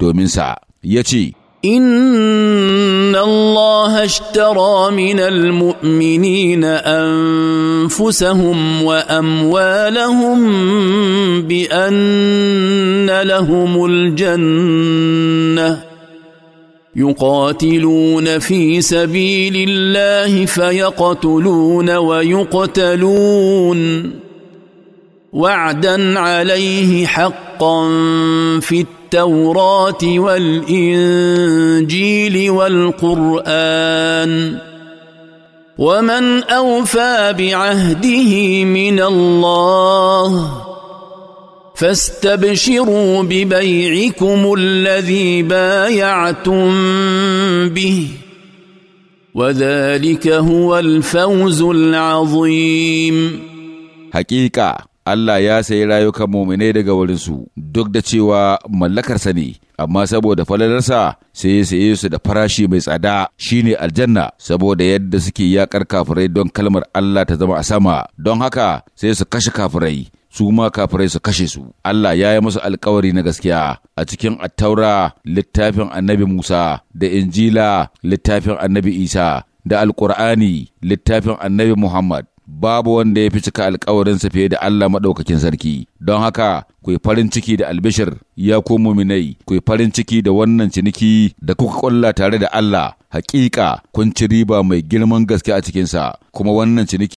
dominsa ya يتي إن الله اشترى من المؤمنين أنفسهم وأموالهم بأن لهم الجنة يقاتلون في سبيل الله فيقتلون ويقتلون وعدا عليه حقا في التوراة والإنجيل والقرآن ومن أوفى بعهده من الله فاستبشروا ببيعكم الذي بايعتم به وذلك هو الفوز العظيم حقيقه Allah ya sayi rayukan muminai daga wurinsu duk da cewa mallakarsa ne, amma saboda falalarsa sai ya saye su da farashi mai tsada shine aljanna saboda yadda suke yakar kafirai don kalmar Allah ta zama a sama, don haka sai su kashe kafirai. su ma kafirai su kashe su Allah ya yi musu alkawari na gaskiya a cikin attaura littafin annabi Musa da injila littafin annabi Isa da alkur'ani littafin annabi Muhammad babu wanda ya fi cika sa fiye da Allah maɗaukakin sarki, don haka ku yi farin ciki da albishir ya ku muminai, ku yi farin ciki da wannan ciniki da kuka ƙulla tare da Allah, Haƙiƙa kun ci riba mai girman gaske a cikinsa, kuma wannan ciniki